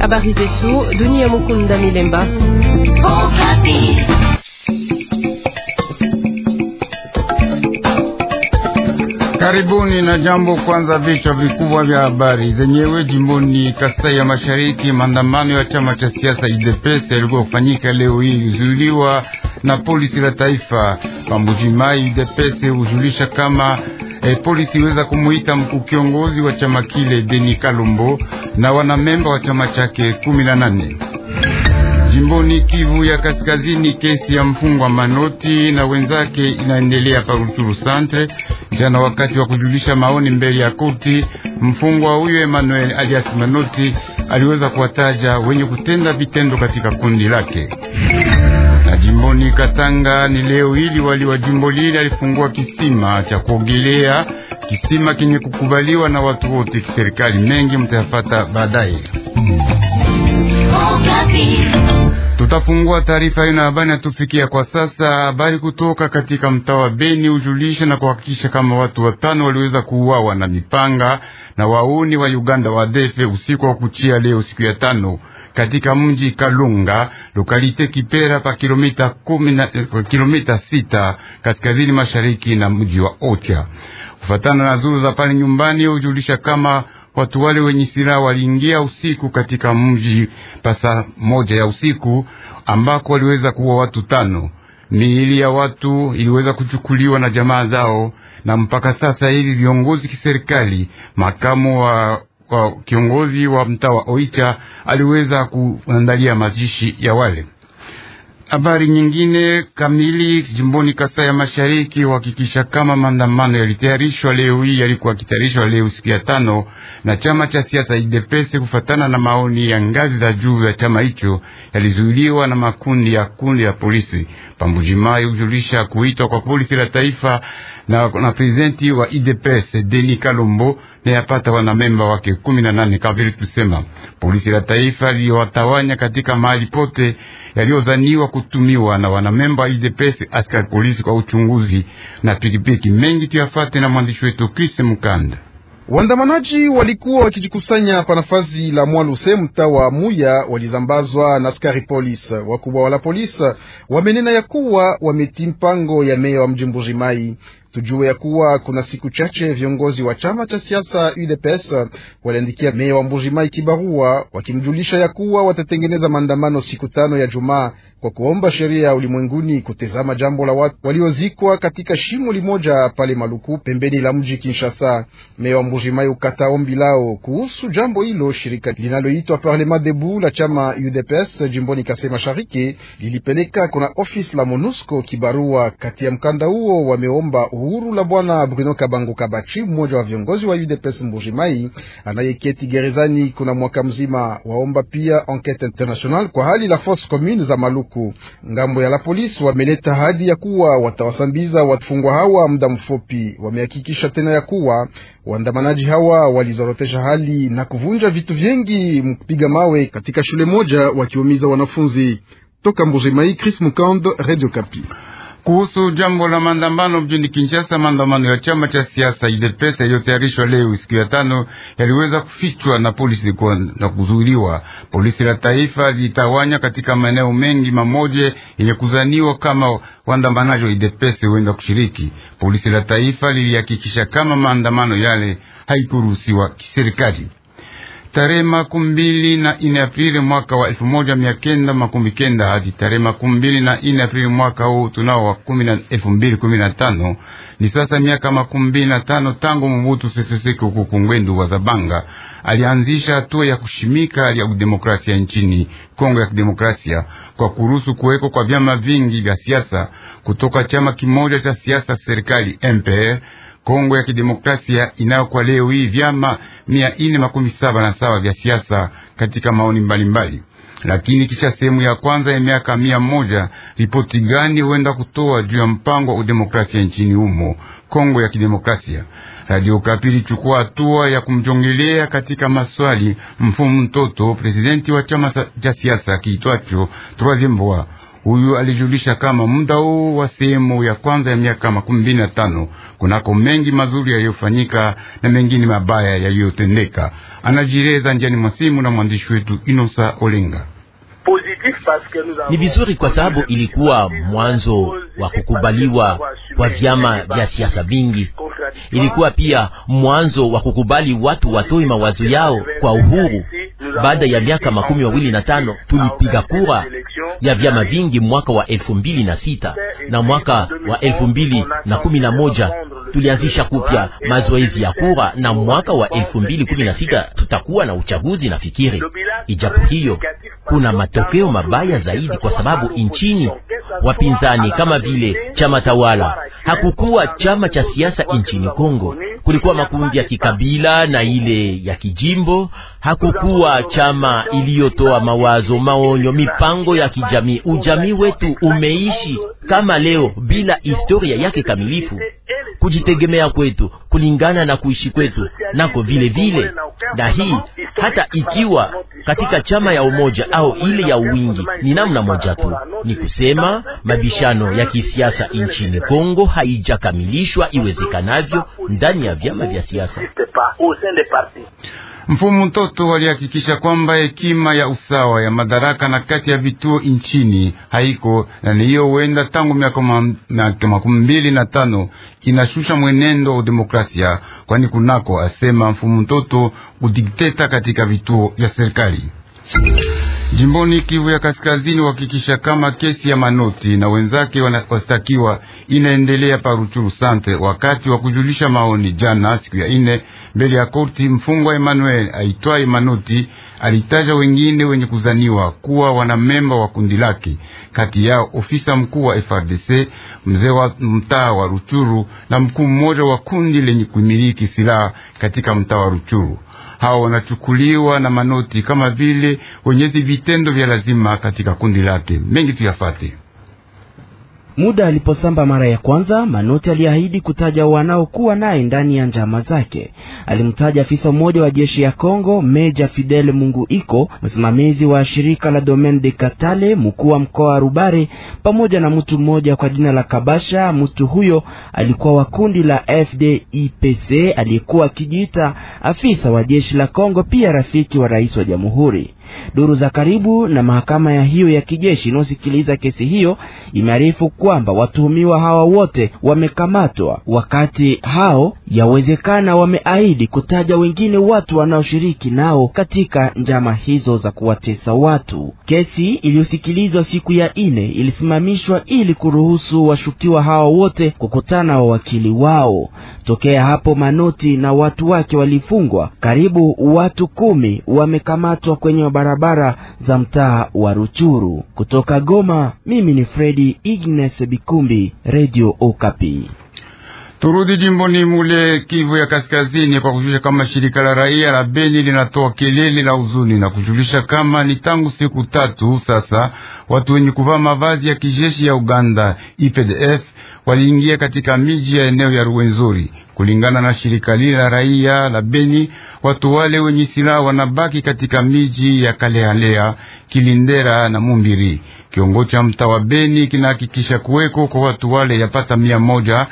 Habari zetu dunia. Mukunda Milemba. Karibuni na jambo. Kwanza vichwa vikubwa vya habari zenyewe. Jimboni Kasai ya Mashariki, maandamano ya chama cha siasa UDPS yalikuwa kufanyika leo hii ilizuiliwa na polisi la taifa. Pambujimai UDPS hujulisha kama e, polisi iweza kumuita mkuu kiongozi wa chama kile Deni Kalumbo na wanamemba wa chama chake kumi na nane jimboni Kivu ya Kaskazini. Kesi ya mfungwa Manoti na wenzake inaendelea pa Ruchuru Centre. Jana wakati wa kujulisha maoni mbele ya koti, mfungwa huyo Emmanuel alias Manoti aliweza kuwataja wenye kutenda vitendo katika kundi lake. Na jimboni Katanga ni leo hili wali wa jimbo lile alifungua kisima cha kuogelea, kisima kenye kukubaliwa na watu wote kiserikali. Mengi mtayafata baadaye. Tutafungua taarifa hiyo na habari natufikia kwa sasa. Habari kutoka katika mtaa wa Beni hujulisha na kuhakikisha kama watu watano waliweza kuuawa na mipanga na wauni wa Uganda wa defe usiku wa kuchia leo siku ya tano katika mji Kalunga, lokalite Kipera, pa kilomita kumi na eh, kilomita sita kaskazini mashariki na mji wa Ocha. Kufatana na zuru za pale nyumbani, hujulisha kama watu wale wenye silaha waliingia usiku katika mji pasa moja ya usiku, ambako waliweza kuwa watu tano. Miili ya watu iliweza kuchukuliwa na jamaa zao, na mpaka sasa hivi viongozi kiserikali, makamu wa kwa kiongozi wa mtaa wa Oicha aliweza kuandalia mazishi ya wale. Habari nyingine kamili jimboni Kasai ya Mashariki uhakikisha kama maandamano yalitayarishwa leo hii yalikuwa kitayarishwa leo siku ya tano na chama cha siasa idps kufatana na maoni ya ngazi za juu ya chama hicho, yalizuiliwa na makundi ya kundi la polisi Pambujimai kujulisha kuitwa kwa polisi la taifa na, na prezidenti wa udps Denis Kalombo na yapata wana memba wake kumi na nane kama vile tusema. Polisi la taifa liliwatawanya katika mahali pote yaliyozaniwa kutumiwa na wanamemba idepesi, askari polisi kwa uchunguzi na pikipiki mengi. Tuyafate na mwandishi wetu Chris Mkanda. Waandamanaji walikuwa wakijikusanya pa nafasi la Mwaluse mtaa wa Muya, walizambazwa na askari polisi. Wakubwa wala polisi wamenena ya kuwa wametii mpango ya meya wa mji Mbujimai. Tujue ya kuwa kuna siku chache viongozi wa chama cha siasa UDPS waliandikia meya wa Mbujimai kibarua wakimjulisha ya kuwa watatengeneza maandamano siku tano ya Jumaa kwa kuomba sheria ya ulimwenguni kutezama jambo la watu waliozikwa katika shimo limoja pale Maluku pembeni la mji Kinshasa. Meya wa Mbujimai ukata ombi lao kuhusu jambo hilo. Shirika linaloitwa Parlement Debout la chama UDPS jimboni Kasai Mashariki lilipeleka kuna ofisi la MONUSCO kibarua. Kati ya mkanda huo wameomba uhuru uhuru la bwana Bruno Kabango Kabachi, mmoja wa viongozi wa UDPS Mbujimai anayeketi gerezani kuna mwaka mzima. Waomba pia enquete international kwa hali la force commune za Maluku. Ngambo ya la polisi wameleta hadi ya kuwa watawasambiza wafungwa hawa muda mfupi. Wamehakikisha tena ya kuwa waandamanaji hawa walizorotesha hali na kuvunja vitu vingi, mpiga mawe katika shule moja wakiumiza wanafunzi. Toka Mbujimai, Chris Mukand, Radio Kapi kuhusu jambo la maandamano mjini Kinshasa. Maandamano ya chama cha siasa UDPS yaliyotayarishwa leo siku ya tano yaliweza kufichwa na polisi na kuzuiliwa. Polisi la taifa lilitawanya katika maeneo mengi mamoja yenye kuzaniwa kama waandamanaji wa UDPS huenda kushiriki. Polisi la taifa lilihakikisha kama maandamano yale haikuruhusiwa kiserikali tarehe makumi mbili na ine Aprili mwaka wa elfu moja mia kenda makumi kenda hadi tarehe makumi mbili na ine Aprili mwaka huu tunao wa kumi na elfu mbili kumi na tano ni sasa miaka makumi mbili na tano tangu Mubutu Sese Seko wa Zabanga alianzisha hatua ya kushimika ya udemokrasia nchini Kongo ya Kidemokrasia kwa kuruhusu kuweko kwa vyama vingi vya siasa kutoka chama kimoja cha siasa serikali MPR Kongo ya Kidemokrasia inayo kwa leo hii vyama mia ine makumi saba na saba vya siasa katika maoni mbalimbali mbali. Lakini kisha sehemu ya kwanza ya miaka mia moja ripoti gani huenda kutoa juu ya mpango wa udemokrasia nchini humo Kongo ya Kidemokrasia? Radio Kapi ilichukua hatua ya kumjongelea katika maswali mfumu mtoto, presidenti wa chama cha siasa kiitwacho Troisieme Voie. Huyu alijulisha kama muda huu wa sehemu ya kwanza ya miaka makumi mbili na tano kunako mengi mazuri yaliyofanyika na mengine mabaya yaliyotendeka. Anajieleza njiani mwa simu na mwandishi wetu Inosa Olenga. Ni vizuri kwa sababu ilikuwa mwanzo wa kukubaliwa kwa vyama vya siasa vingi. Ilikuwa pia mwanzo wa kukubali watu watoe mawazo yao kwa uhuru. Baada ya miaka makumi mawili na tano tulipiga kura ya vyama vingi mwaka wa elfu mbili na sita na mwaka wa elfu mbili na kumi na moja tulianzisha kupya mazoezi ya kura, na mwaka wa 2016 tutakuwa na uchaguzi na fikiri Ijapo hiyo kuna matokeo mabaya zaidi, kwa sababu nchini wapinzani kama vile chama tawala hakukuwa chama cha siasa nchini Kongo kulikuwa makundi ya kikabila na ile ya kijimbo. Hakukuwa chama iliyotoa mawazo, maonyo, mipango ya kijamii. Ujamii wetu umeishi kama leo bila historia yake kamilifu. Kujitegemea kwetu kulingana na kuishi kwetu nako vile vile. Na hii hata ikiwa katika chama ya umoja au ile ya uwingi, ni namna moja tu, ni kusema mabishano ya kisiasa nchini Kongo haijakamilishwa iwezekanavyo ndani ya vyama vya siasa. Mfumo mtoto walihakikisha kwamba hekima ya usawa ya madaraka na kati ya vituo nchini haiko na niyo huenda tangu miaka makumi mbili na tano inashusha mwenendo wa demokrasia demokrasia, kwani kunako asema mfumo mtoto udikteta katika vituo vya serikali. Jimboni Kivu ya Kaskazini uhakikisha kama kesi ya Manoti na wenzake wanastakiwa inaendelea paruchuru sante. Wakati wa kujulisha maoni jana, siku ya ine, mbele ya korti, mfungwa Emmanuel aitwaye Manoti alitaja wengine wenye kuzaniwa kuwa wanamemba wa kundi lake, kati yao ofisa mkuu wa FRDC, mzee wa mtaa wa Ruchuru na mkuu mmoja wa kundi lenye kumiliki silaha katika mtaa wa Ruchuru hao wanachukuliwa na manoti kama vile wenyezi vitendo vya lazima katika kundi lake. Mengi tuyafate. Muda aliposamba mara ya kwanza, Manoti aliahidi kutaja wanaokuwa naye ndani ya njama zake. Alimtaja afisa mmoja wa jeshi ya Kongo, Meja Fidel mungu iko msimamizi wa shirika la Domaine de Katale, mkuu wa mkoa wa Rubare, pamoja na mtu mmoja kwa jina la Kabasha. Mtu huyo alikuwa wa kundi la FDIPC, aliyekuwa akijiita afisa wa jeshi la Kongo, pia rafiki wa rais wa jamhuri. Duru za karibu na mahakama ya hiyo ya kijeshi inayosikiliza kesi hiyo imearifu kwamba watuhumiwa hawa wote wamekamatwa, wakati hao Yawezekana wameahidi kutaja wengine watu wanaoshiriki nao katika njama hizo za kuwatesa watu. Kesi iliyosikilizwa siku ya ine ilisimamishwa ili kuruhusu washukiwa hao wote kukutana wawakili wao. Tokea hapo, Manoti na watu wake walifungwa. Karibu watu kumi wamekamatwa kwenye barabara za mtaa wa Ruchuru. Kutoka Goma, mimi ni Fredi Ignes Bikumbi, Radio Okapi. Turudi jimboni mule Kivu ya Kaskazini kwa kujulisha kama shirika la raia la Beni linatoa kelele la huzuni na kujulisha kama ni tangu siku tatu sasa watu wenye kuvaa mavazi ya kijeshi ya Uganda IPDF waliingia katika miji ya eneo ya Ruwenzori. Kulingana na shirika lile la raia la Beni, watu wale wenye silaha wanabaki katika miji ya Kalehalea, Kilindera na Mumbiri. Kiongozi cha mtaa wa Beni kinahakikisha kuweko kwa watu wale yapata mia moja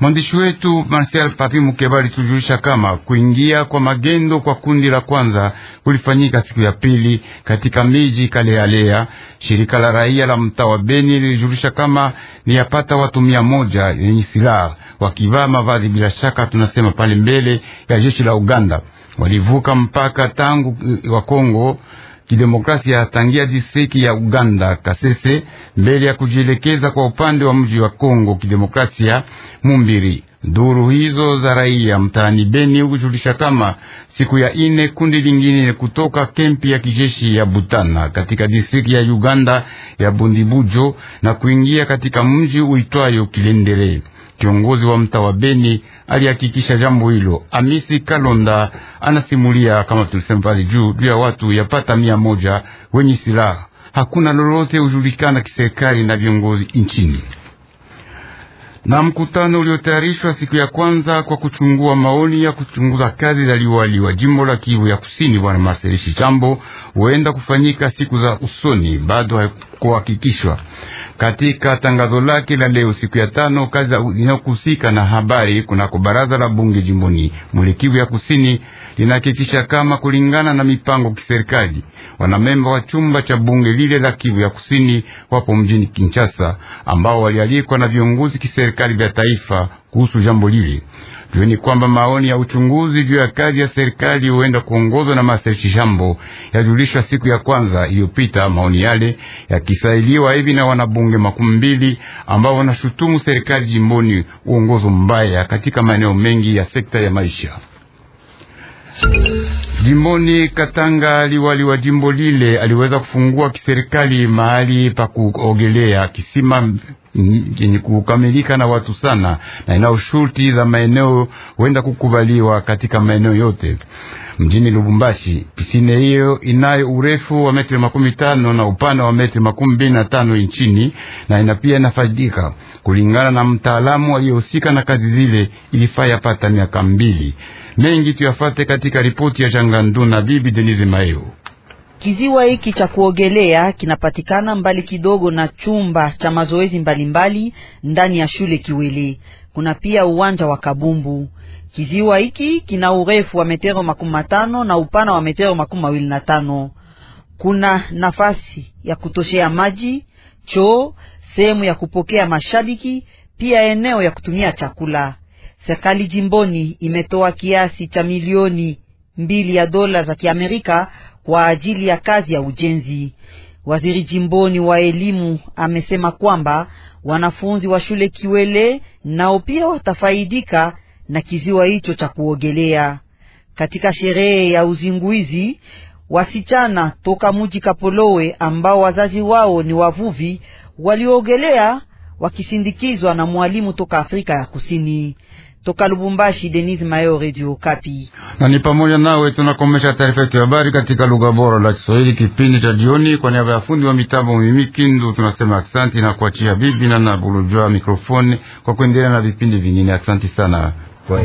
Mwandishi wetu Marcel Papi Mukeba alitujulisha kama kuingia kwa magendo kwa kundi la kwanza kulifanyika siku ya pili katika miji Kalealea. Shirika la raia la mtaa wa Beni lilijulisha kama ni yapata watu mia moja yenye silaha wakivaa mavazi bila shaka, tunasema pale mbele ya jeshi la Uganda, walivuka mpaka tangu eh, wa Kongo kidemokrasia tangia distriki ya Uganda Kasese, mbele ya kujielekeza kwa upande wa mji wa Kongo kidemokrasia Mumbiri. Duru hizo za raia mtaani Beni hukujulisha kama siku ya ine kundi lingine kutoka kempi ya kijeshi ya Butana katika distriki ya Uganda ya Bundibujo na kuingia katika mji uitwayo Kilendere. Kiongozi wa mtaa wa Beni alihakikisha jambo hilo. Amisi Kalonda anasimulia kama tulisema pale juu juu ya watu yapata mia moja wenye silaha. Hakuna lolote hujulikana kiserikali na viongozi nchini na mkutano uliotayarishwa siku ya kwanza kwa kuchungua maoni ya kuchunguza kazi za liwali wa jimbo la Kivu ya Kusini, bwana Marselishi chambo huenda kufanyika siku za usoni, bado haikuhakikishwa. Katika tangazo lake la leo siku ya tano, kazi inayokuhusika na habari kunako baraza la bunge jimboni Muli Kivu ya Kusini linahakikisha kama kulingana na mipango kiserikali, wanamemba wa chumba cha bunge lile la Kivu ya Kusini wapo mjini Kinshasa, ambao walialikwa na viongozi kiserikali vya taifa kuhusu jambo lile. Jueni kwamba maoni ya uchunguzi juu ya kazi ya serikali huenda kuongozwa na Master Shambo yajulishwa siku ya kwanza iliyopita, maoni yale yakisailiwa hivi na wanabunge makumi mbili ambao wanashutumu serikali jimboni uongozo mbaya katika maeneo mengi ya sekta ya maisha. Jimboni Katanga, liwali wa jimbo lile aliweza kufungua kiserikali mahali pa kuogelea kisima yenye kukamilika na watu sana na inayo shurti za maeneo huenda kukubaliwa katika maeneo yote mjini Lubumbashi. Pisine hiyo inayo urefu wa metri makumi tano na upana wa metri makumi mbili na tano inchini na ina pia inafaidika kulingana na mtaalamu aliyehusika na kazi zile, ilifaa yapata miaka mbili. Mengi tuyafate katika ripoti ya Jangandu na bibi Denise maeo Kiziwa hiki cha kuogelea kinapatikana mbali kidogo na chumba cha mazoezi mbalimbali ndani ya shule Kiwili. Kuna pia uwanja wa kabumbu. Kiziwa hiki kina urefu wa metero makumi matano na upana wa metero makumi mawili na tano. Kuna nafasi ya kutoshea maji, choo, sehemu ya kupokea mashabiki, pia eneo ya kutumia chakula. Serikali jimboni imetoa kiasi cha milioni mbili ya dola za Kiamerika kwa ajili ya kazi ya ujenzi. Waziri jimboni wa elimu amesema kwamba wanafunzi wa shule Kiwele nao pia watafaidika na kiziwa hicho cha kuogelea. Katika sherehe ya uzinguizi, wasichana toka muji Kapolowe ambao wazazi wao ni wavuvi waliogelea wakisindikizwa na mwalimu toka Afrika ya Kusini. Toka Lubumbashi, Denis Mayo, Radio Okapi. Na ni pamoja nawe tunakomesha taarifa yetu ya habari katika lugha bora la Kiswahili kipindi cha jioni. Kwa niaba ya fundi wa mitambo mimi Kindu tunasema aksanti na kuachia bibi na na bulujwa mikrofoni kwa kuendelea na vipindi vingine. Aksanti sana kwa